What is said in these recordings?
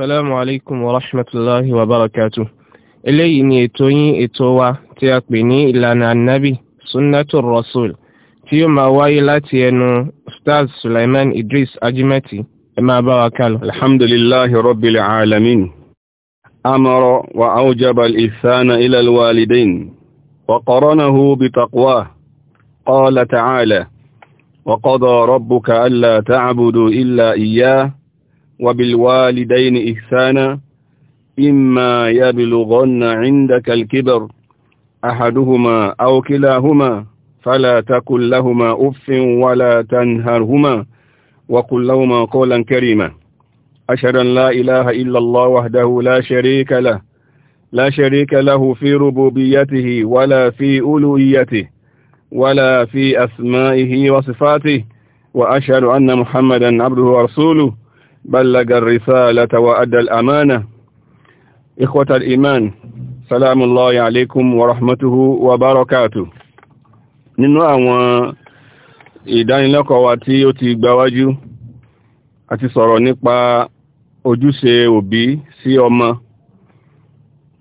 السلام عليكم ورحمة الله وبركاته إلي إن يتوني إتوى تيقبني إلانا النبي سنة الرسول في مواي لاتينو أستاذ سليمان إدريس أجمتي ما باركال الحمد لله رب العالمين أمر وأوجب الإثان إلى الوالدين وقرنه بتقواه قال تعالى وقضى ربك ألا تعبدوا إلا إياه وبالوالدين إحسانا إما يبلغن عندك الكبر أحدهما أو كلاهما فلا تقل لهما أف ولا تنهرهما وقل لهما قولا كريما أشهد أن لا إله إلا الله وحده لا شريك له لا شريك له في ربوبيته ولا في ألوهيته ولا في أسمائه وصفاته وأشهد أن محمدا عبده ورسوله بلغ الرسالة وأدى الأمانة إخوة الإيمان سلام الله عليكم ورحمته وبركاته nínú àwọn ìdánilẹ́kọ̀ọ́ wa tí ó ti gbáwájú àti sọ̀rọ̀ nípa ojúṣe òbí sí ọmọ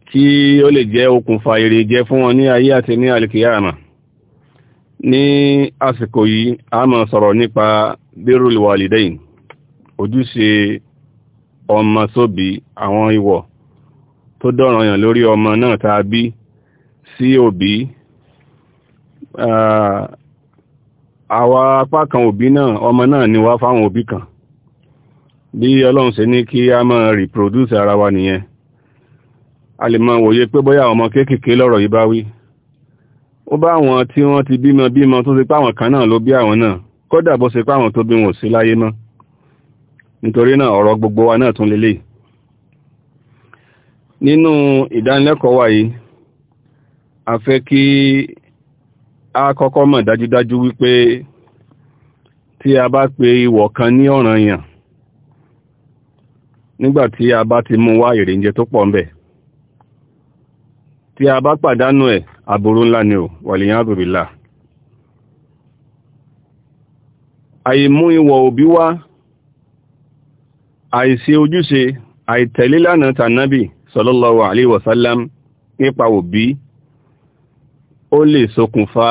kí ó lè jẹ́ okùnfà èrè jẹ fún wọn ní ayé àti ní alìkìyàmà ní àsìkò yìí a máa sọ̀rọ̀ nípa birrul walidain ojúṣe ọmọ sóbí àwọn ìwọ̀ tó dọ̀ràn yàn lórí ọmọ náà tá a bí sí òbí ah, àwa apá kan òbí náà ọmọ náà ni wá fáwọn òbí kan bí ọlọ́run ṣe ní kí a máa reproduce ara wa nìyẹn a lè máa wòye pé bóyá ọmọ kéékèèké lọ́rọ̀ yìí bá wí ó bá àwọn tí wọ́n ti bímọ bímọ tó ṣe páwọn kan náà ló bí àwọn náà kódà bó ṣe páwọn tó bí wọn ò sí láyé náà nítorí náà ọ̀rọ̀ gbogbo wa náà tún lélẹ̀ nínú ìdánilẹ́kọ̀ọ́ wa yìí a fẹ́ kí a kọ́kọ́ mọ̀ dájúdájú wípé tí a bá pe ìwọ̀ kan ní yàn nígbàtí a bá ti mú wá ìrìnjẹ tó pọ̀ tí a bá pàdánù ẹ̀ aburú ńlá ni ò àbùbìlà àìmú ìwọ̀ òbí wá àìṣe ojúṣe àìtẹ̀lé lànà tànábì sallallahu alaihi wasallam nípa òbí ó lè ṣokùnfà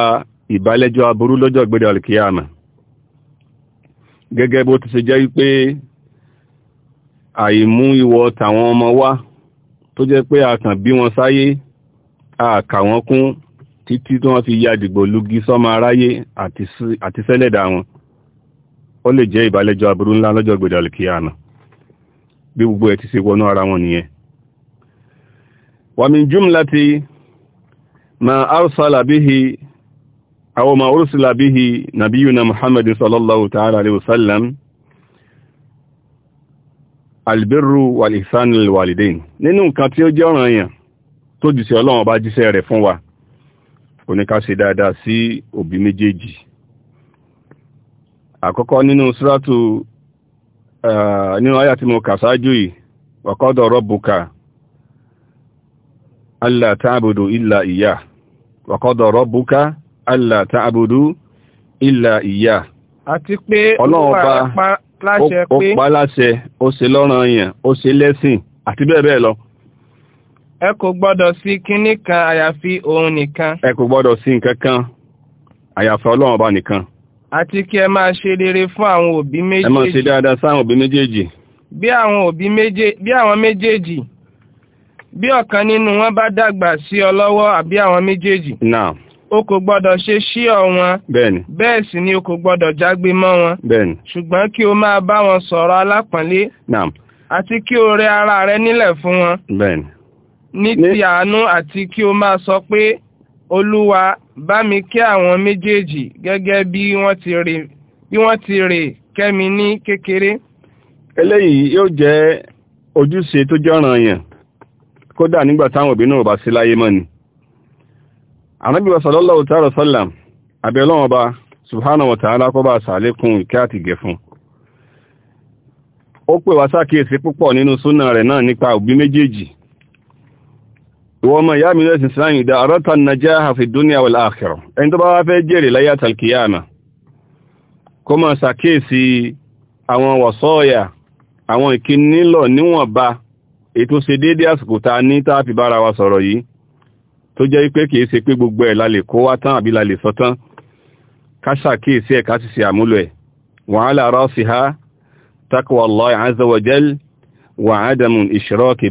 ìbálẹ́jọ́ aburú lọ́jọ́ ìgbẹ́dẹ̀ alkiyama gẹ́gẹ́ bó ti ṣe jẹ́ wípé àìmú ìwọ tàwọn ọmọ wá tó jẹ́ pé a kàn bí wọn sáyé a kà wọ́n kún títí tí wọ́n fi ya dìgbò lugi sọ́mọ aráyé àti sẹ́lẹ̀dà wọn ó lè jẹ́ ìbálẹ́jọ́ aburú ńlá lọ́jọ́ ìgbẹ́dẹ̀ alkiyama bí gbogbo ẹ̀ ti ṣe wọnú ara wọn nìyẹn wàmí jùmlati ma arsala bihi aw ma ursila bihi nabiyuna muhammadin sallallahu ta'ala alaihi wasallam albirru wal ihsan lil walidain nínú nǹkan tí ó jẹ́ ọ̀ràn yàn tó jùsẹ̀ ọlọ́run ọba jíṣẹ́ rẹ̀ fún wa oníkáṣe dáadáa sí òbí méjèèjì àkọ́kọ́ nínú suratu nínú ayá tí mo kà sáájú yìí wa qada rabbuka alla ta'budu illa iyyah wa qada rabbuka alla illa iyyah àti pé ọlọ́ọ̀ba ó pa láṣẹ ó ṣe lọ́ràn yẹn ó ṣe lẹ́sìn àti bẹ́ẹ̀ bẹ́ẹ̀ lọ ẹ kò gbọ́dọ̀ sí kinní kan àyàfi òun nìkan ẹ kò nìkan àti kí ẹ máa ṣe rere fún àwọn òbí méjèèjì. ẹ máa ṣe dáadáa sáwọn òbí méjèèjì. bí àwọn òbí méjèèjì bí ọ̀kan nínú wọn bá dàgbà sí ọ lọ́wọ́ àbí àwọn méjèèjì. náà. o kò gbọ́dọ̀ ṣe ṣíọ̀ wọn. bẹ́ẹ̀ni. bẹ́ẹ̀ sì ni o kò gbọ́dọ̀ jágbe mọ́ wọn. bẹ́ẹ̀ni. ṣùgbọ́n kí o máa bá wọn sọ̀rọ̀ alápọ̀nlé. náà. àti kí o rẹ ara rẹ nílẹ̀ fún wọn. bẹ́ẹ̀ni. ní ti àánú àti kí o máa sọ pé olúwa bá mi kẹ́ àwọn méjèèjì gẹ́gẹ́ bí wọ́n ti rè bí wọ́n ti rè kẹ́mi ní kékeré. eléyìí yóò jẹ́ ojúṣe tó jọ́ràn yàn kódà nígbà táwọn òbí náà bá sí láyé mọ́ ni. ànábì wa sallallahu ta'ala sallam àbẹ̀ ọlọ́run ọba subhanahu wa sàlékún ìkẹ́ àtìgẹ̀ fún. ó pè wá sákìyèsí púpọ̀ nínú súnà rẹ̀ náà nípa òbí méjèèjì wọ́n mọ̀ yá mìíràn sin islam ìdá àrọ́ta najaha fi dúnìyà wal akhirah ẹni tó bá wá fẹ́ jèrè láyé àtàlkìyàmà kó mọ̀ sàkíyèsí àwọn wọ̀sọ́ọ̀yà àwọn ìkínílọ̀ níwọ̀nba ètò ṣe déédé àsìkò ta ní táàfi bára wa sọ̀rọ̀ yìí tó jẹ́ pé kìí ṣe pé gbogbo ẹ̀ la kó wá tán àbí la sọ tán ká sàkíyèsí ẹ̀ ká sì ṣe àmúlò ẹ̀ wa ala rasiha taqwa Allah wa adamu ishraki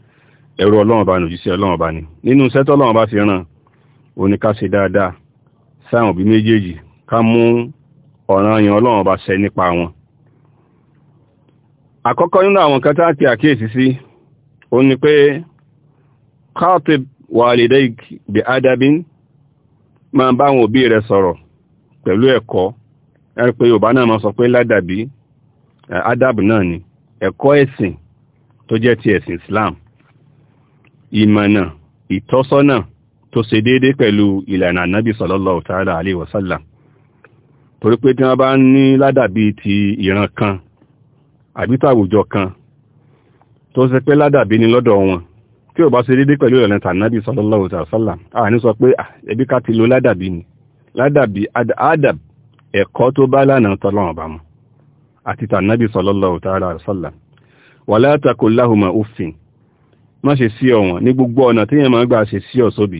ẹ̀rọ ọlọ́run bá ní òjíṣẹ́ ọlọ́run bá ní nínú sẹ́tọ́ ọlọ́run bá fi ràn ó ní ká ṣe dáadáa sáwọn òbí méjèèjì ká mú ọ̀ràn yẹn ọlọ́run bá ṣẹ nípa wọn àkọ́kọ́ nínú àwọn kan tá àkíyèsí sí ó ní pé khatib walidaik bi adabin máa bá àwọn òbí rẹ sọ̀rọ̀ pẹ̀lú ẹ̀kọ́ ẹ̀rí pé yorùbá náà máa sọ pé ládàbí adab náà ni ẹ̀kọ́ ẹ̀sìn tó jẹ́ ti ẹ̀sìn islam ìmọ̀nà ìtọ́sọ́nà tó ṣe déédé pẹ̀lú ìlànà ànábì sallallahu ta'ala alaihi torí pé tí wọ́n bá ní ti ìran kan àbí kan tó se pé ládàbí ni lọ́dọ̀ wọn tí ò bá ṣe déédé pẹ̀lú ìlànà sallallahu ta'ala sallam a ah, lo ni adab má ṣe sí ọ̀wọ̀n ní gbogbo ọ̀nà tí yẹn máa gbà ṣe sí ọ̀sọ́bì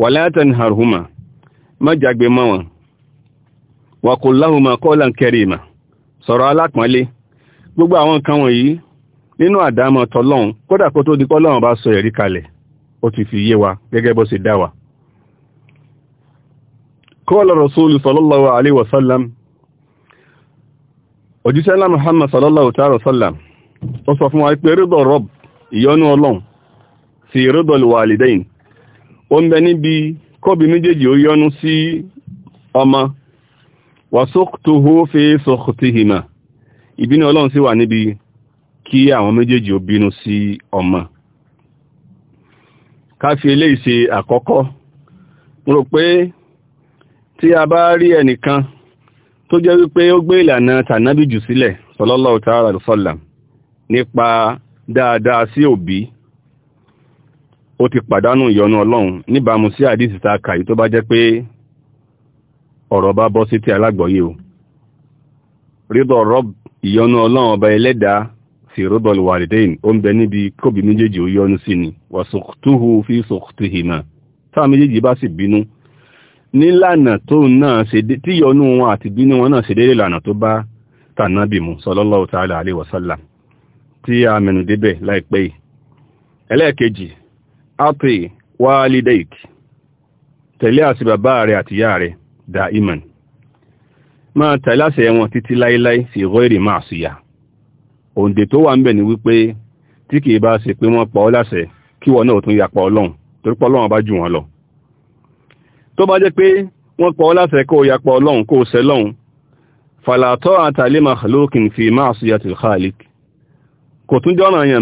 wala tanharhuma má jàgbé mọ́ wọn wa qul lahuma qawlan karima sọ̀rọ̀ alápọ̀nlé gbogbo àwọn nǹkan wọ̀nyí nínú àdámọ̀ tọlọ́run kódà kó tó di kọ́lọ́run bá sọ ẹ̀rí kalẹ̀ ó ti fi yé wa gẹ́gẹ́ bó ṣe dá wa qala rasulu sallallahu alaihi wasallam òjíṣẹ́lá muhammad sallallahu ta'ala sallam ó sọ fún wa pé rídọ̀ rọ́bù ìyọ́nú ọlọ́run fi rídọ̀lù wàlìdẹ́yìn o ń bẹ níbi kọ́bí méjèèjì ó yọ́nú sí ọmọ wàsókòtòhó fi ìbínú ọlọ́run sì wà níbi kí àwọn méjèèjì ó bínú sí ọmọ ká fi àkọ́kọ́ rò pé tí a bá rí ẹnìkan tó jẹ́ wípé ó gbé ìlànà tànábì sílẹ̀ dáadáa sí òbí ó ti pàdánù ìyọnu ọlọ́run níbàámu sí àdísì tá a kà yìí tó bá jẹ́ pé ọ̀rọ̀ bá bọ́ sí ti alágbọ̀yé o rídọ̀ rọ́b ìyọnu ọlọ́run ọba ẹlẹ́dàá sí rídọ̀ wàlìdẹ́yìn ó ń bẹ níbi kóbi méjèèjì ó yọnu sí ni wà sọ̀túhù fi sọ̀túhìmà táwọn méjèèjì bá sì bínú nílànà tó náà ṣe tí wọn àti bínú wọn náà ṣe déédéé lànà tó bá tànábì mu sallallahu ta'ala tí a mẹ̀nù débẹ̀ láìpẹ́ yìí ẹlẹ́ẹ̀kejì ápè wálídẹ́ìkì tẹ̀lé àṣẹ bàbá rẹ̀ àti ìyá rẹ̀ dá iman máa tẹ̀lé àṣẹ wọn títí láíláí sí ìrọ́ìrì máa ṣìyà òǹdè tó wà ń bẹ̀ ni wípé tí kìí bá ṣe pé wọ́n pa ọ́ láṣẹ kí wọ́n náà tún yapa ọlọ́run torí pé ọlọ́run bá jù wọ́n lọ tó bá jẹ́ pé wọ́n pa ọ́ láṣẹ kó yapa ọlọ́run kó ṣẹ fàlàtọ́ àtàlé mahalukin fi máa ṣìyà tìlkhalik kò tún jọ́nà lati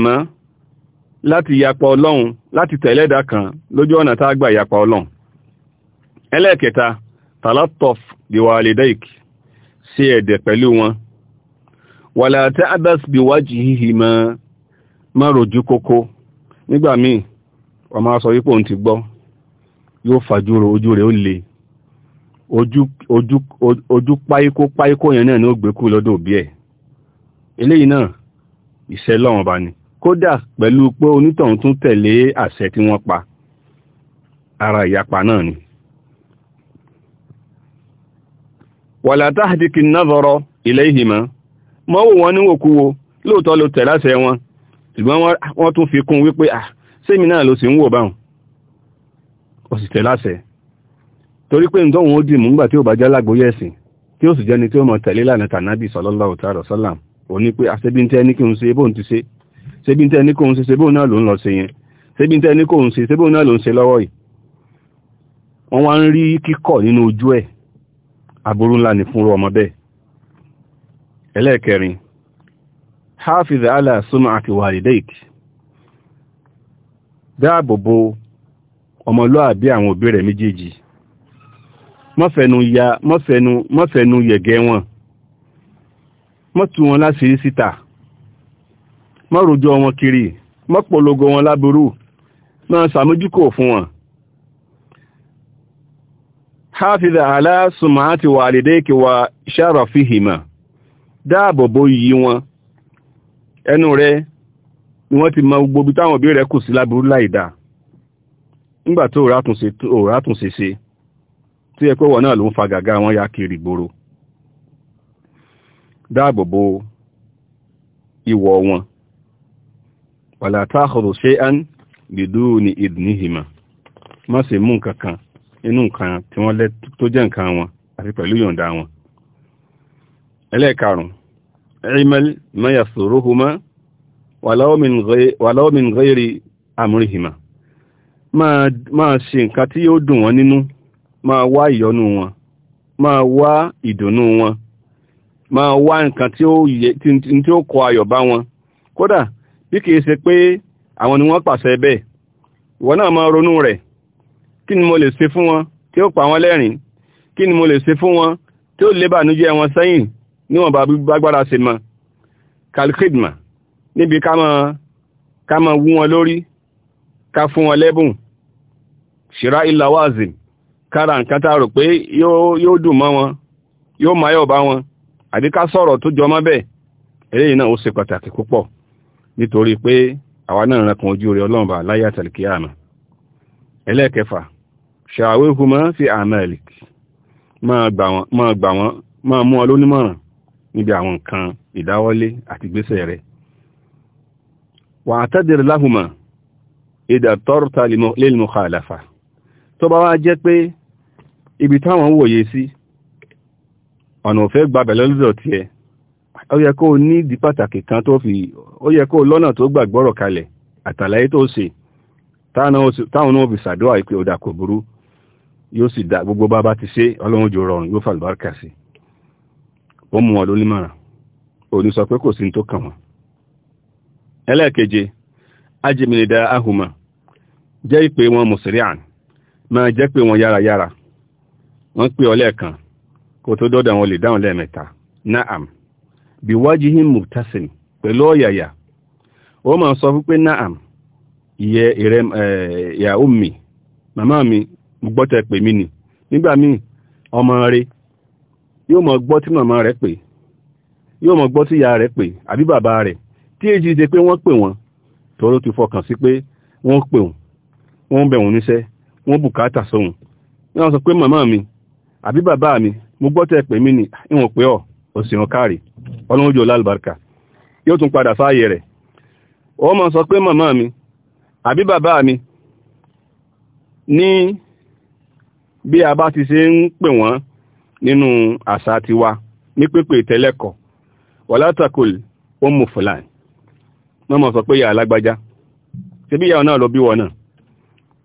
láti yapa ọlọ́run láti tẹ̀lé kan lójú ọ̀nà tá a gbà yapa ọlọ́run ẹlẹ́ẹ̀kẹta talatof biwalidaik ṣe ẹ̀dẹ̀ pẹ̀lú wọn wàlá ta'bas biwajhihima má rojú kókó nígbà míì wọ́n máa sọ wípé òun ti gbọ́ yóò fàjúrò ojú rẹ̀ ó le ojú ojú yẹn náà ó gbé kú lọ́dọ̀ òbí ìṣẹ́ lọ́wọ́n bá ni kódà pẹ̀lú pé onítọ̀hún tún tẹ̀lé àṣẹ tí wọ́n pa ara ìyapa náà ni wàlá táàdìkì náàzọrọ ilẹ̀ ìhìmọ̀ mọ́wò wọn ní wòkúwo lóòtọ́ ló tẹ̀láṣẹ wọn ṣùgbọ́n wọ́n tún fi kún wípé à ah, sẹ́mi náà ló sì ń wò báhùn ó sì tẹ̀láṣẹ torí pé ǹdọ́wọ̀n ó dì mú nígbà tí ó bá jẹ́ lágbóyẹ̀sìn tí ó sì jẹ́ni tí ó mọ̀ tẹ̀lé lánàá tànábì sallallahu ta'ala sallam òní pé àṣẹ́bí tẹ́ ní kí n ṣe bóun ti ṣe ṣẹ́bí tẹ́ ní kó ń ṣe ṣe bóun náà ló ń lọ ṣe yẹn ṣẹ́bí tẹ́ ní kó ń ṣe ṣe bóun náà ló ń ṣe lọ́wọ́ yìí wọ́n wá ń rí kíkọ̀ nínú ojú ẹ̀ aburú ńlá ní fún ọmọ bẹ́ẹ̀ ẹlẹ́ẹ̀kẹrin hafiz ala súnmọ́ àti wàlídẹ́ìkì dáàbòbò ọmọlúàbí àwọn òbí rẹ̀ méjèèjì mọ́fẹ̀nu yẹ̀gẹ́ wọn má tú wọn láṣìírí síta má rojọ́ wọn kiri má polongo wọn láburú má ṣàmójúkò fún wọn hafiza ala sumati walidayki wa sharafihima dáàbò bo yìí wọn ẹnu rẹ̀ ni wọ́n ti mọ gbogbo bí táwọn òbí rẹ̀ kù sí láburú láìdá nígbà tó òrátùnṣe tó òrátùnṣe ṣe tó yẹ pé wọ́n náà ló ń fa gàgá wọn ya kiri gbòòrò dáàbò ìwọ̀ wọn wàlá ta'khudhu shay'an biduni idnihima má ṣe mú nǹkan kan nǹkan tí wọ́n lẹ́ tó jẹ́ nǹkan wọn àti pẹ̀lú yọ̀ǹda wọn ẹlẹ́ẹ̀karùn imal ma yasuruhuma walaw min ghayri walaw min máa ṣe nǹkan tí yóò dùn wọn nínú máa wá wọn máa wá ìdùnnú wọn máa wá nǹkan tí ó yẹ tí ó kọ ayọ̀ bá wọn kódà bí kìí ṣe pé àwọn ni wọ́n pàṣẹ bẹ́ẹ̀ ìwọ náà máa ronú rẹ̀ kí ni mo lè ṣe fún wọn tí ó pa wọn lẹ́rìn kí ni mo lè ṣe fún wọn tí ó lébànújẹ́ wọn sẹ́yìn níwọ̀n bágbára ṣe mọ́ kalkidma níbi ká máa wú wọn lórí ká fún wọn lẹ́bùn ṣìrá ìlàwázìm kára nǹkan tá rò pé yóò dùn mọ́ wọn yóò máyọ̀ bá wọn àbí ká sọ̀rọ̀ tó jọmọ́ bẹ́ẹ̀ eléyìí náà ó ṣe pàtàkì púpọ̀ nítorí pé àwa náà rankan ojú rẹ ọlọ́run bá láyé àtàlìkì àmà ẹlẹ́ẹ̀kẹfà ṣàwéhùmá fi àmàlìk máa gbà wọ́n máa mú ọ lónímọ̀ràn níbi àwọn nǹkan ìdáwọ́lé àti gbésẹ̀ rẹ̀ wà àtẹ́dẹ̀rẹ̀ láhùmá ìdà tọ́rọ̀ta lè mọ̀kàlàfà tó bá wá jẹ́ pé ibi táwọn wòye sí ọ̀nà òfẹ́ gbàbẹ̀ lọ́lọ́dọ̀ tiẹ̀ ó yẹ kó o ní ìdí pàtàkì kan tó fi o lọ́nà tó gbàgbọ́rọ̀ kalẹ̀ àtàlàyé tó ṣe táwọn náà fi ṣàdúrà pé ó dà kò burú yóò sì dá gbogbo bá bá ti ṣe ọlọ́run jò rọrùn yóò fàlùbáríkà sí wọ́n mú wọn ló nímọ̀ràn òní sọ pé kò sí tó kàn wọ́n ẹlẹ́ẹ̀keje jẹ́ ìpè wọn mùsùlùmí wọn wọ́n pè kò tó dọ́dọ̀ àwọn olè dáhùn lẹ́ẹ̀mẹ́ta naam bí wájihim mubtasim pẹ̀lú ọ̀yàyà ó máa sọ fún pé naam ìyẹ ìrẹ ìyà ummi màmá mi mo gbọ́ tẹ pè mí ni nígbà míì ọmọ rẹ yóò mọ gbọ́ tí màmá rẹ pè yóò mọ gbọ́ tí ìyá rẹ pè àbí bàbá rẹ tí èjì ṣe pé wọ́n pè wọ́n tọ́rọ ti fọkàn sí pé wọ́n pè wọ́n wọ́n bẹ̀ wọ́n níṣẹ́ wọ́n bùkátà sóhun wọ́n sọ pé màmá mi àbí bàbá mi mo gbọ́ tẹ́ pè mí ni ìwọ̀n pé ọ̀ òsìràn káàrí ọlọ́run jò lálùbáríkà yóò tún padà sáàyè rẹ̀ ó mọ̀ sọ pé màmá mi àbí bàbá mi ní bí a bá ti ṣe ń pè wọ́n nínú àṣà tiwa ní pípè tẹ́lẹ̀kọ̀ wọ́látàkùl ó mú fúlàn wọ́n mọ̀ sọ pé ìyá alágbájá ṣe bí ìyá náà ló bí wọ náà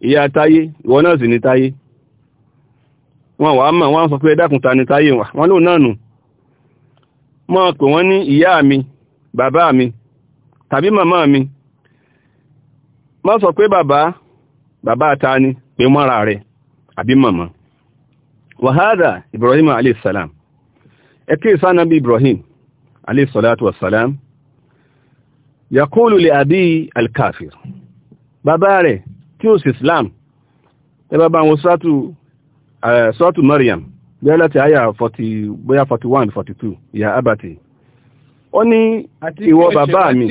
ìyá táyé ìwọ náà sì ní táyé wọn wà mọ̀ wọ́n sọ pé ẹ̀dàkùn ta ni táyé wà wọ́n lò náà nù mọ́ pè wọ́n ní ìyá mi bàbá mi tàbí màmá mi má sọ pé bàbá bàbá ta ni pé mọ́ra rẹ̀ àbí màmá wàhádà Ibrahim aleyhisselam ẹkẹ́ ìsánábí Ibrahim aleyhisselatu yakulu li abi alkafir bàbá rẹ̀ tí ó sì Islam ẹ bàbá wọn sátú Eh, sọ́ọ̀tù Maryam bẹ́ẹ̀ láti àyà 40 bóyá 41 42 ya abati ó ní ìwọ bàbá mi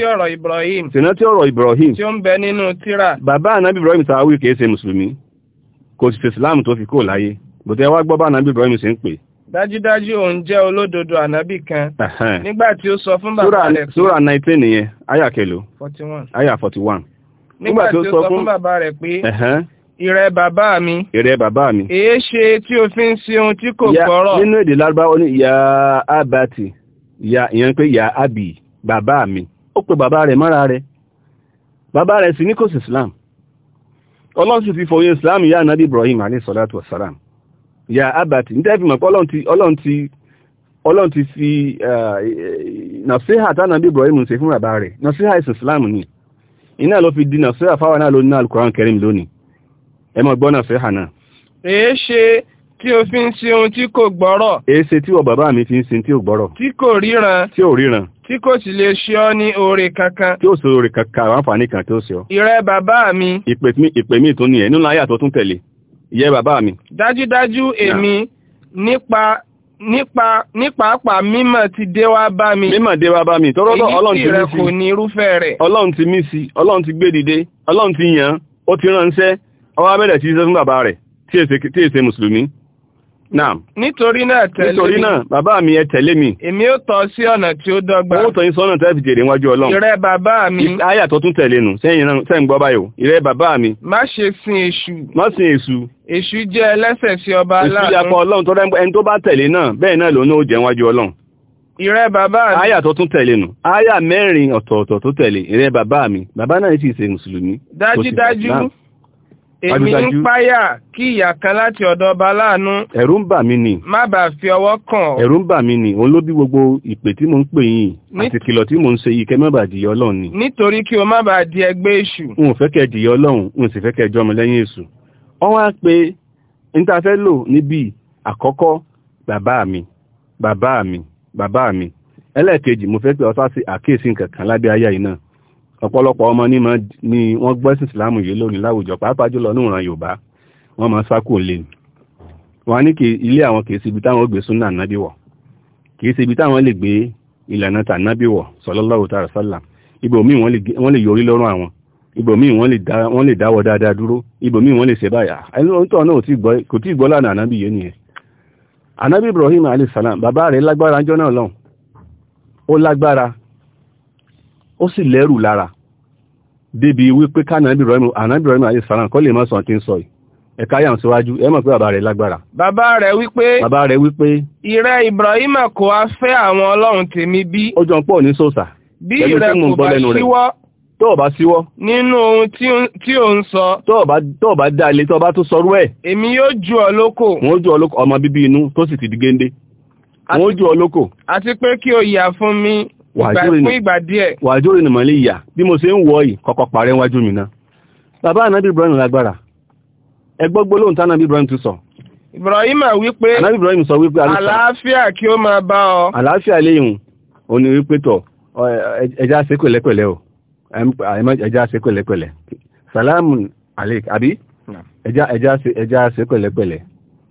tìrántí ọ̀rọ̀ Ibrahim tí ó ń bẹ nínú tíra bàbá ànábì Ibrahim sàáwì kìí ṣe mùsùlùmí kò sì fèsìláàmù tó fi kó láyé bòtẹ́ wá gbọ́ bá ànábì Ibrahim sì ń pè dájúdájú òun jẹ́ olódodo ànábì kan nígbà tí ó sọ fún bàbá rẹ̀ pé sura 19 nìyẹn 41 nígbà tí ó sọ fún bàbá rẹ̀ pé Ìrẹ bàbá mi. Ìrẹ bàbá mi. Èé ṣe tí o fi ń ṣe ohun tí kò gbọ́rọ̀. Nínú èdè lárúbáwọ́ ní ya abati, ya pé ya abi, bàbá mi. Ó pe bàbá rẹ̀ mọ́ra rẹ̀. Bàbá rẹ̀ sì ní kò sí Islam. Ọlọ́run sì fi Islam ya Nabi Ibrahim Ya abati, ní mọ̀ pé ọlọ́run ti fi Ibrahim fún bàbá rẹ̀. Nàṣíhà ìsìn Islam ni. Iná ló fi di nàṣíhà fáwọn náà lónìí. ẹ mọ̀ gbọ́nà fẹ́ hànà. èé ṣe tí o fi ń ṣe ohun tí kò gbọ́rọ̀. èé ṣe tí wọ́n bàbá mi fi ń ṣe tí ò gbọ́rọ̀. tí kò ríran. tí ò ríran. tí kò sì lè ṣe ọ́ ní oore kankan. tí o sọ oore kankan àwọn àǹfààní kan tí ó ṣe ọ. ìrẹ bàbá mi. ìpè mi ìpè mi tún nìyẹn nínú àyà tó tún tẹ̀lé ìyẹ bàbá mi. dájúdájú èmi nípa nípa nípaapa mímọ̀ ti dé wá bá mi. mímọ̀ dé wá bá mi tọ́rọ́dọ̀ ọlọrun ti mí sí. èyí tí rẹ kò ní irúfẹ́ rẹ̀. Ọlọrun ti mí sí ọlọ́run ti gbé dìde ọlọ́run ti yàn án ó ti ránṣẹ́ ọwọ́ abẹ́lẹ̀ tí jésù bàbá rẹ̀ tí èsè mùsùlùmí náà nítorí náà tẹ̀lé mi nítorí náà mi ẹ tẹ̀lé mi èmi ó tọ́ sí ọ̀nà tí ó dọ́gba ó tọ́ fi jèrè ọlọ́run mi ayà tó tún tẹ̀lé nù sẹ́yìn náà sẹ́yìn mi má sin èṣù má sin èṣù èṣù jẹ́ sí ọba aláàánú èṣù yakọ ọlọ́run tó rẹ́ ẹni tó bá tẹ̀lé náà bẹ́ẹ̀ náà ó jẹ́ ọlọ́run ìrẹ́ mi. Aya èmi ń páyà kí ìyà kan láti ọ̀dọ̀ ọba láàánú. ẹ̀rù ń bà mí ni. má bà fi ọwọ́ kàn. ẹ̀rù ń bà mí ni òun ló bí gbogbo ìpè tí mò ń pè yín àti kìlọ̀ tí mò ń ṣe yìí kẹ́ má bàa ọlọ́run ni. nítorí kí o má bàa di ẹgbẹ́ èṣù. n ò fẹ́ kẹ́ dìyà ọlọ́run n ò sì fẹ́ kẹ́ jọmọ lẹ́yìn èṣù. wọ́n wá pé n ta fẹ́ lò níbi àkọ́kọ́ bàbá mi bàbá mi bàbá ọ̀pọ̀lọpọ̀ ọmọ ní wọ́n gbẹ́sìn ìsìlámù yìí lónìí láwùjọ pàápàá jùlọ ní ìran yorùbá wọ́n máa sákò lè wọ́n ní kí ilé àwọn kìí síbi táwọn gbé súnà nábì wọ̀ kìí síbi táwọn lè gbé ìlànà tànábì wọ̀ sallallahu ta'ala sallam ibòmíì wọ́n lè yọrí lọ́rùn àwọn ibòmíì wọ́n lè dáwọ́ dáadáa dúró wọ́n lè ó sì lẹ́rù lára débi wípé kánàbì rọ́mù ànábì rọ́mù àyè sàrán kọ́ lè mọ́ sàn tí ń sọ yìí ẹ̀ka yà ń síwájú ẹ mọ̀ pé bàbá rẹ̀ lágbára. bàbá rẹ̀ wípé bàbá rẹ̀ wípé ìrẹ́ Ibrahim kò á fẹ́ àwọn ọlọ́run tèmi bí. ó jọ ń pọ̀ ní sòsà. bí ìrẹ́ kò bá síwọ́ tó o bá síwọ́. nínú ohun tí o ń sọ. tó o bá dá ilé tó o bá tún sọrú ẹ̀. èmi yóò ju ọ lóko. wọ́n ju ọ lóko ọmọ bíbí inú tó sì ti di géńdé. wọ́n ju ọ lóko. àti pé kí o yà fún mi wàjúrì ni mọ̀lẹ́ ìyà bí mo ṣe ń wọ́ yìí kọ́kọ́ parẹ́ wájú mi náà bàbá ànábì Ibrahim lágbára ẹgbọ́gbó lóhun tánà bí Ibrahim ti sọ Ibrahim wípé sọ wípé kí ó máa bá ọ àlàáfíà léyìn o wípé tọ o ẹja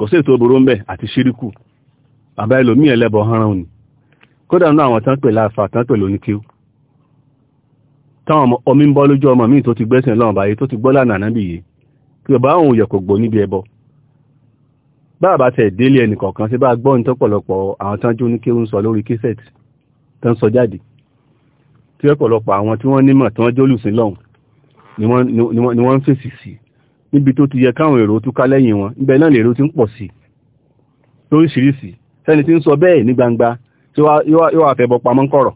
kò sí ètò burú ń bẹ̀ àti ṣíríkù àbá ẹlòmí ẹlẹ́bọ hánran ni kódà náà àwọn tán pè láàfà tán pè lóní kí táwọn ọmọ ń bọ́ lójú ọmọ míì tó ti gbẹ́sẹ̀ lọ́wọ́ báyé tó ti gbọ́ lánàá nábì yìí kí ọba àwọn òyẹ̀ kò gbò níbi ẹbọ báàbá tẹ̀ délé ẹnì kọ̀ọ̀kan sí bá gbọ́ ní tọ́pọ̀lọpọ̀ níbi tó ti yẹ káwọn èrò túká lẹ́yìn wọn níbẹ̀ náà lèrò ti ń pọ̀ sí lóríṣiríṣi sẹ́ni tí ń sọ bẹ́ẹ̀ ní gbangba tí yóò wà fẹ́bọ pamọ́ kọ̀rọ̀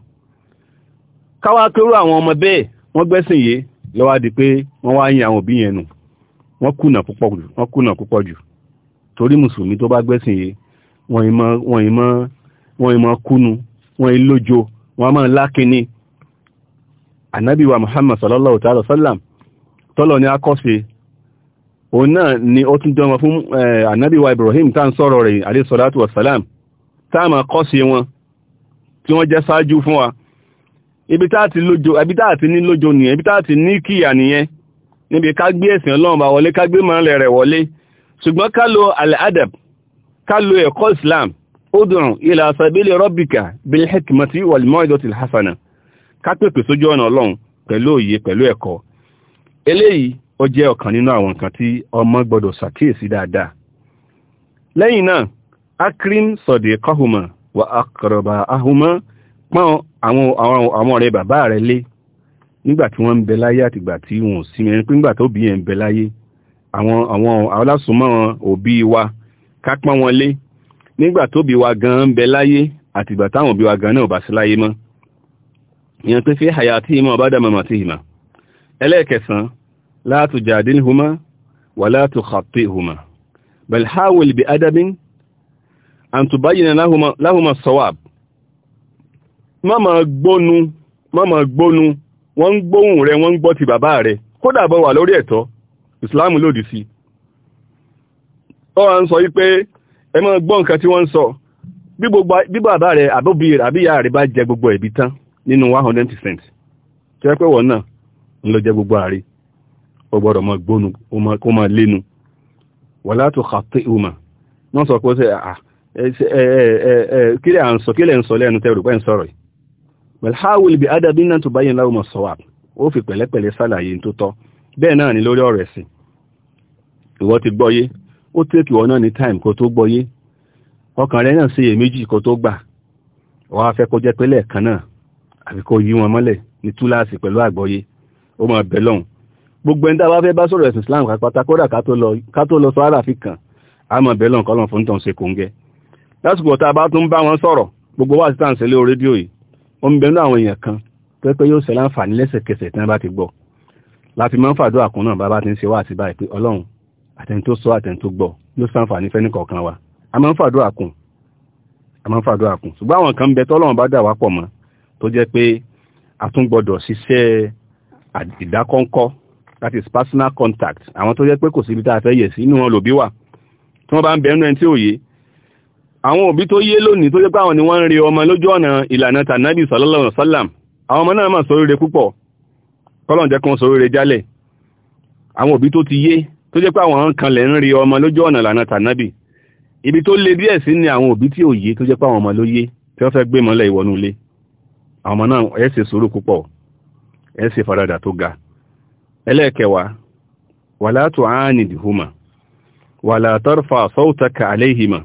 káwá kérú àwọn ọmọ bẹ́ẹ̀ wọ́n gbẹ́sìn yé lọ́wọ́ di pé wọ́n wá yin àwọn òbí yẹn nù wọ́n kùnà púpọ̀ jù wọ́n kùnà púpọ̀ jù torí mùsùlùmí tó bá gbẹ́sìn yé wọ́n ìmọ̀ kúnu wọ́n ìlójo wọ́n máa lákíní ànábì Muhammad sallallahu ta'ala sallam tọ́lọ̀ ni a òun náà ni ó tún jọmọ fún eh, ànábíwá Ibrahim tá ń sọ̀rọ̀ rẹ̀ alayhi salatu wassalam táàmà kọ́ sí wọn tí wọ́n jẹ́ sáájú fún wa ibi táà ti ní lójo nìyẹn ibi táà ti ní kíyà nìyẹn níbi ká gbé ẹ̀sìn ọlọ́run bá wọlé ká gbé mọ́lẹ̀ rẹ̀ wọlé ṣùgbọ́n ká lo al-adab ká lo ẹ̀kọ́ Islam ud'u ila sabili rabbika bil hikmati wal mawidati al hasana ká pèpè sójú ọ̀nà ọlọ́run pẹ̀lú òye pẹ̀lú ẹ̀kọ́ eléyìí ó jẹ́ ọ̀kan nínú àwọn nǹkan tí ọmọ gbọ́dọ̀ ṣàkíyèsí dáadáa lẹ́yìn náà akrim sọ̀dẹ̀kọ́hùmọ̀ wà akọ̀rọ̀bà ahùmọ́ pọ́n àwọn ọ̀rẹ́ bàbá rẹ̀ lé nígbà tí wọ́n ń bẹ láyé àtìgbà tí wọ́n sí mẹ́rin pé nígbà tó bí ẹ̀ ń bẹ láyé àwọn àwọn alásùnmọ́ òbí wa ká pọ́n wọn lé nígbà tó bí wa gan ń bẹ láyé àtìgbà táwọn òbí wa gan náà bá sí láyé mọ́ ìyẹn pé fi àyà tí ìmọ̀ bá dà ìmọ̀ ẹlẹ́ẹ̀kẹsàn-án لا تجادلهما ولا تخطئهما بل حاول بأدب أن تبين لهما, لهما الصواب má ma gbónú má ma gbónú wọ́n ń gbóhùn rẹ̀ wọ́n ń gbọ́ ti bàbá rẹ̀ kódà bọ́ wà lórí ẹ̀tọ́ ìsìláàmù lòdì sí ọ́wà ń sọ wípé ẹ má gbọ́ nǹkan tí wọ́n ń sọ bí bàbá rẹ̀ àbóbi àbíyá rẹ̀ bá jẹ gbogbo ẹ̀bí tán nínú 100% tó yẹ pé wọ́n náà ń lọ jẹ gbogbo àárẹ̀ ó gbọ́dọ̀ mọ gbónu kó mọ lénu wọ́n látò kàtó ìhùmà wọ́n sọ pé ṣe ah, kí lè ń sọ kí lè ń sọ lẹ́nu tẹ́rù pẹ́ ń sọ̀rọ̀ yìí pẹ̀lú hawil bí adàbí náà tó báyìí láwùmọ̀ sọ̀wà ó fi pẹ̀lẹ́pẹ̀lẹ́ sàlàyé tó tọ́ bẹ́ẹ̀ náà ni lórí ọ̀rọ̀ ẹ̀sìn ìwọ ti gbọ́yé time kó tó gbọ́yé ọkàn rẹ̀ náà síye méjì kó tó gbà wọ́n á fẹ́ kó jẹ́ pé lẹ́ẹ̀kan náà àfi kó yí wọn gbogbo ẹni tàbá fẹ́ bá sọ̀rọ̀ ẹ̀sìn Islam pàtà kódà ká tó lọ sọ́rọ̀ àfi kan àmọ́ bẹ́lọ̀ nǹkan lọ́n fún tàn ṣe kò ń gẹ́ lásìkò tá a bá tún bá wọn sọ̀rọ̀ gbogbo wà sí tàn ṣe lé rédíò yìí ó ń bẹnu àwọn èèyàn kan tó pé yóò ṣẹlá àǹfààní lẹ́sẹ̀kẹsẹ̀ tí wọ́n bá ti gbọ́ láti máa ń fàdó àkún náà bá bá ti ń ṣe wá àti báyìí pé Ọlọ́run àtẹni tó sọ àtẹni tó gbọ́ that is personal contact àwọn tó yẹ pé kò síbi tá a fẹ́ yẹ̀ sí inú wọn lòbí wà tí wọ́n bá ń bẹ̀rù ẹni tí ò yé àwọn òbí tó yé lónìí tó yẹ pé àwọn ni wọ́n ń re ọmọ lójú ọ̀nà ìlànà tànàbì sallallahu alaihi wasallam àwọn ọmọ náà mà sóríire púpọ̀ kọ́lọ̀n jẹ́ kan sóríire jálẹ̀ àwọn òbí tó ti yé tó jẹ́ pé àwọn kan lẹ̀ ń re ọmọ lójú ọ̀nà ìlànà tànàbì ibi tó le díẹ̀ sí ni àwọn òbí tí ò yé tó jẹ́ pé àwọn ọmọ ló yé tí wọ́n fẹ́ gbé mọ́lẹ̀ ìwọ̀nú ilé àwọn ọmọ náà ẹ ṣe sùúrù púpọ̀ ẹ ṣe faradà tó ga ẹlẹ́ẹ̀kẹwàá wàlá tu'anidhuma wàlá tarfa sawtaka alayhima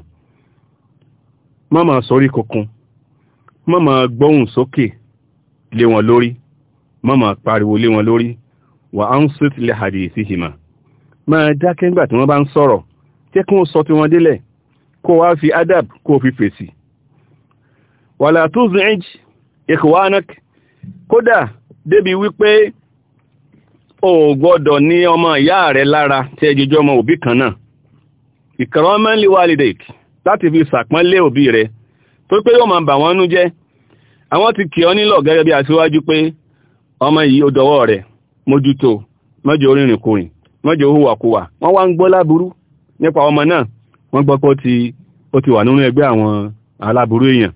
má ma sọrí kunkun má ma gbóhùn sókè lé wọn lórí má ma pariwo lé wọn lórí wa ansit li hadithihima máa dákẹ́ nígbà tí wọ́n bá ń sọ̀rọ̀ jẹ́ kí wọ́n sọ kódà débi wípé o gbọ́dọ̀ ní ọmọ ìyá rẹ̀ lára tí ẹ jọjọ́ ọmọ òbí kan náà ìkàrọ́mẹ́lì wálidate láti fi sàpọ́nlé òbí rẹ̀ tó pé yóò máa bà wọ́n nú jẹ́ àwọn ti kì ọ́ nílọ̀ gẹ́gẹ́ bí aṣíwájú ọmọ yìí ó dọwọ́ rẹ̀ mójútó mọ́jọ mọ́jọ wọ́n wá ń gbọ́ láburú nípa ọmọ náà wọ́n gbọ́ pé ó ti wà nínú ẹgbẹ́ àwọn aláburú èèyàn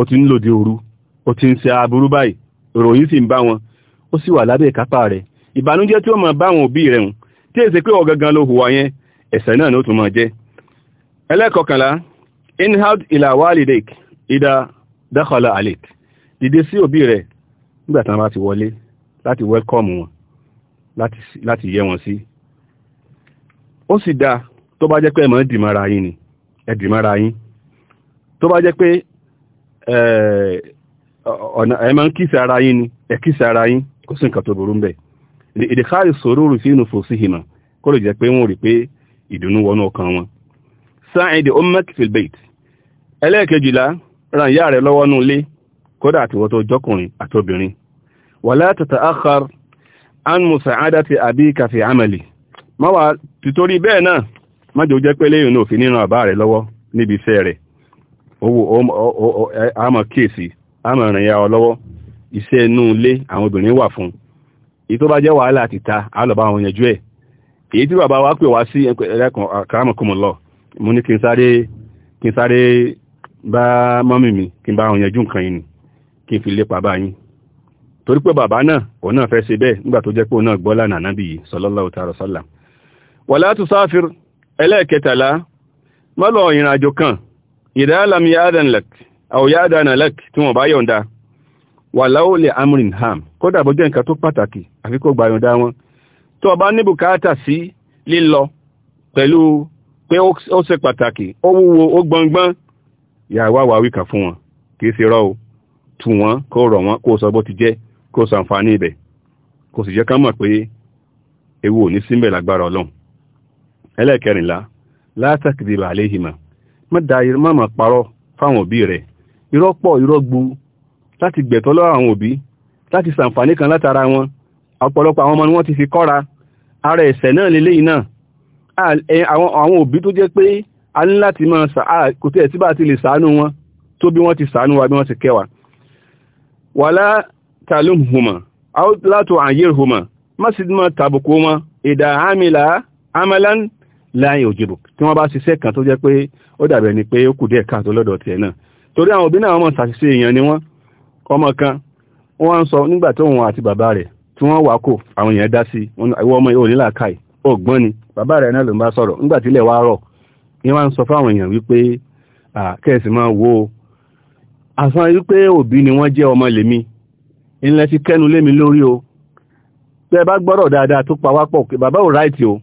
ó ti ń lòdì òru ó ti ń ṣe aburú báyìí ìròyìn sì ń bá wọn ó sì wà lábẹ́ ìbànújẹ́ tí ó máa bá àwọn òbí rẹ̀ hùn tí èsì pé ọ̀ gangan ló hùwà yẹn ẹ̀ṣẹ̀ náà ló tún máa jẹ́ ẹlẹ́kọ̀ọ́kànlá inhad ila ida dakhala alik dìde sí òbí rẹ̀ nígbà tán bá ti wọlé láti welcome wọn láti yẹ wọn sí ó sì dáa tó bá jẹ́ pé ẹ̀mọ́ dìmọ́ra yín ni ẹ̀dìmọ́ra yín tó bá jẹ́ pé eh, ẹ̀mọ́ kìsì ara yín ni ẹ̀kìsì ara yín kò sí nǹkan tó burú ń bẹ̀ ìdíkárì sòrórù sí inú fòsíhìmà kó lè jẹ́ pé wọ́n rí pé ìdùnnú wọnú ọkàn wọn sáàìdì ummak filbait ẹlẹ́ẹ̀kejìlá ran ìyá rẹ̀ lọ́wọ́ nú ilé kódà àtiwọ́ tó jọkùnrin àtobìnrin wala tata'akhkhar an musa'adati abika fi amali má wà títorí bẹ́ẹ̀ náà má jò jẹ́ pé léyìn náà fi nínú àbá rẹ̀ lọ́wọ́ níbi iṣẹ́ rẹ̀ owó àmọ̀ kíyèsí àmọ̀ ràn ya ọ lọ́wọ́ iṣẹ́ inú ilé àwọn obìnrin wà fún èyí tó bá jẹ́ wàhálà àti ta alọ́bá àwọn yanjú ẹ̀ èyí tí bàbá wa pè wá sí ẹ̀kùn kàrámọ̀kùnmọ̀ lọ mo ní kí n sáré kí n sáré bá mọ́mì mi kí n bá àwọn yanjú nǹkan yìí ni kí n fi lépa bá yín torí pé bàbá náà òun náà fẹ́ ṣe bẹ́ẹ̀ nígbà tó jẹ́ pé òun náà gbọ́ lánàá nábì yìí sallallahu ta'ala sallam wala tusafir ẹlẹ́ẹ̀kẹtàlá mọ́lọ̀ ìrìnàjò kan ìdáyàlámi yáàdánlẹ̀k àwọn tí wọ́n bá yọ̀ǹda wà láòlẹ̀ amrin ham kódà bó jẹ́ nǹkan tó pàtàkì àfi kó gba yọ̀ǹda wọn tó o bá ní bùkátà sí lílọ pẹ̀lú pé ó ṣe pàtàkì ó wúwo ó gbọngbọ́n yàwá wà wíkà fún wọn kì í ṣe rọ́ o tù wọ́n kó rọ̀ wọ́n kó sọ bó ti jẹ́ kó sàǹfààní ibẹ̀ kò sì jẹ́ ká mọ̀ pé ewu ò ní símbẹ̀ lágbára ọlọ́run ẹlẹ́ẹ̀kẹrìnlá látàkìdìbà àléhìmọ̀ mọ́ da irọ́ mọ́ parọ́ fáwọn òbí rẹ̀ irọ́ pọ̀ irọ́ gbu láti gbẹ̀tọ́ lọ́wọ́ àwọn òbí láti sàǹfààní kan látara wọn ọ̀pọ̀lọpọ̀ àwọn ọmọ ni wọ́n ti fi kọ́ra ara ẹ̀sẹ̀ náà lélẹ́yìn náà àwọn òbí tó jẹ́ pé a ní láti máa kò tí ẹ̀ tí bá ti lè sàánú wọn tó bí wọ́n ti sàánú wa bí wọ́n ti kẹwàá wala talumhuma aw la tu'ayirhuma má sì máa tàbùkù wọn ìdá àmìlà amalan la yujibuk tí wọ́n bá ṣiṣẹ́ kan tó jẹ́ pé ó dàbẹ̀ ni pé ó kù díẹ̀ káàtó lọ́dọ̀ tiẹ̀ náà torí àwọn òbí náà wọ́n mọ̀ ṣàṣìṣe èèyàn ni wọ́n ọmọ kan wọ́n ń sọ nígbà tó wọn àti bàbá rẹ̀ tí wọ́n wà kò àwọn èèyàn dá sí ìwọ ọmọ ìwọ nílà káì ọgbọ́n ni bàbá rẹ̀ náà ló ń bá sọ̀rọ̀ nígbà tí ilẹ̀ wá rọ̀ ni wọ́n ń sọ fáwọn èèyàn wípé kẹ́ẹ̀sì máa wo àsan wípé òbí ni wọ́n jẹ́ ọmọ lèmi ilẹ̀ ti kẹ́nu lémi lórí o pé ẹ bá gbọ́rọ̀ dáadáa tó pawápọ̀ pé bàbá ò ráìtì o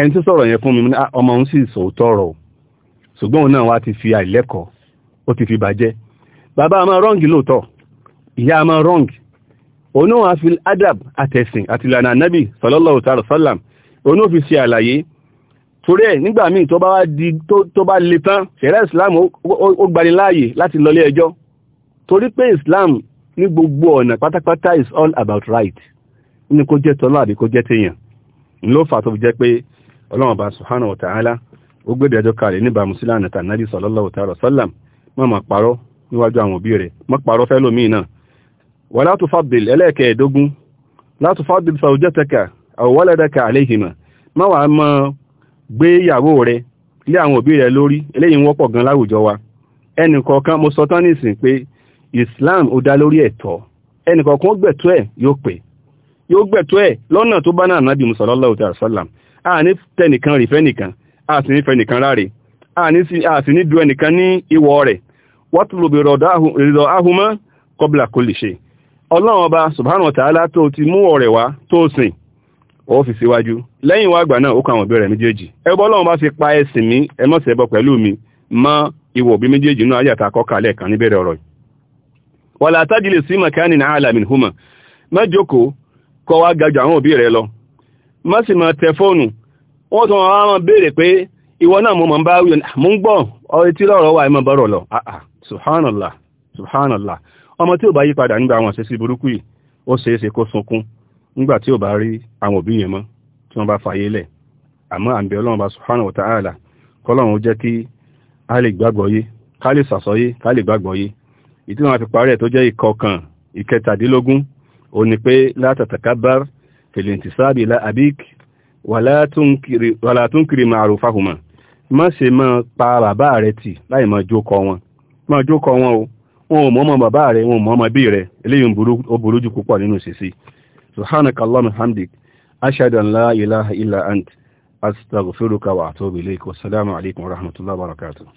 ẹni tó sọ̀rọ̀ yẹn fún mi ọmọ òun sì sòótọ́ ọ̀rọ̀ ṣùgbọ́n òun náà wá ti fi àìlẹ́kọ̀ọ́ ó ti fi bàjẹ́ bàbá a máa rọ́ǹgì lóòtọ́ ìyá a máa onú àfil adab àtẹ̀sìn àti ìlànà anábì sallallahu ta'ala sallam onú fi ṣe àlàyé torí ẹ̀ nígbà míì tó bá wá di tó bá le tán ṣẹ̀rẹ́ islam ó gbani láàyè láti lọlé ẹjọ́ torí pé islam ní gbogbo ọ̀nà pátápátá is all about right ní kó jẹ́ tọ́lá àbí kó jẹ́ téèyàn ló fà tó fi jẹ́ pé ọlọ́run bá subhanahu wa ta'ala ó gbé ìdájọ́ kalẹ̀ níbàámu sílànà tànàbí sallallahu ta'ala sallam má mà parọ́ níwájú àwọn òbí rẹ̀ má parọ́ fẹ́ lómi náà wà látò fàbìl ẹlẹ́ẹ̀kẹ́ẹ̀dógún látò fàbìl sàójẹ́tẹ̀kà àwọ̀wọ́lẹ́dẹ́kà àléhìmà má wàá mọ́ gbé ìyàwó rẹ̀ lé àwọn òbí rẹ̀ lórí eléyìí ń wọ́pọ̀ gan láwùjọ wa ẹnìkọ̀ọ̀kan mo sọ tán nísìn pé Islam ó dá lórí ẹ̀tọ́ ẹnìkọ̀ọ̀kan ó gbẹ̀tọ́ ẹ̀ yóò pè yóò gbẹ̀tọ́ ẹ̀ lọ́nà tó bá náà nábì musallallahu ta'ala wọ́túlù bí rọ̀dọ̀ ahùmọ́ kọbílà kò lè ṣe ọlọ́run ọba subhanahu wa ta'ala tó ti mú ọ̀rẹ́ wá tó sìn ó fi síwájú lẹ́yìn wá àgbà náà ó kọ ìbẹ̀rẹ̀ méjèèjì ẹbọ ọlọ́run bá fi pa ẹ̀sìn mi ẹ má pẹ̀lú mi mọ́ ìwọ òbí méjèèjì náà kan níbẹ̀rẹ̀ ọ̀rọ̀ alamin huma kọ wá gajù àwọn lọ sì wọn béèrè pé ìwọ subhanallah subhanallah ọmọ tí ò bá yí padà nígbà àwọn àṣẹ́sí burúkú yìí ó ṣeé ṣe kó sunkún nígbà tí ò bá rí àwọn òbí yẹn mọ́ tí wọ́n bá fàyè lẹ̀ àmọ́ àǹbẹ̀ ọlọ́run bá subhanahu wa ta'ala kọ́lọ́run jẹ́ kí a lè gbàgbọ́ yé ká lè sàsọyé ká lè gbàgbọ́ yé ìtí wọn fi parí ẹ̀ tó jẹ́ ìkọkàn ìkẹtàdínlógún ó ní pé la tatakabar fil intisabi ila abik wala tunkiri ma'rufahuma má ṣe máa pa bàbá rẹ̀ tì láì máa jókọ wọn máa jókòó wọn o wọn ò mọ́mọ́ bàbá rẹ̀ wọn ò mọ́mọ́ bí rẹ̀ eléyìí ó burú jù púpọ̀ nínú ìṣesí subhanakallahumma hamdik ashhadu an la ilaha illa ant astaghfiruka wa atubu ilayk wassalamu alaykum wa rahmatullahi wa barakatuh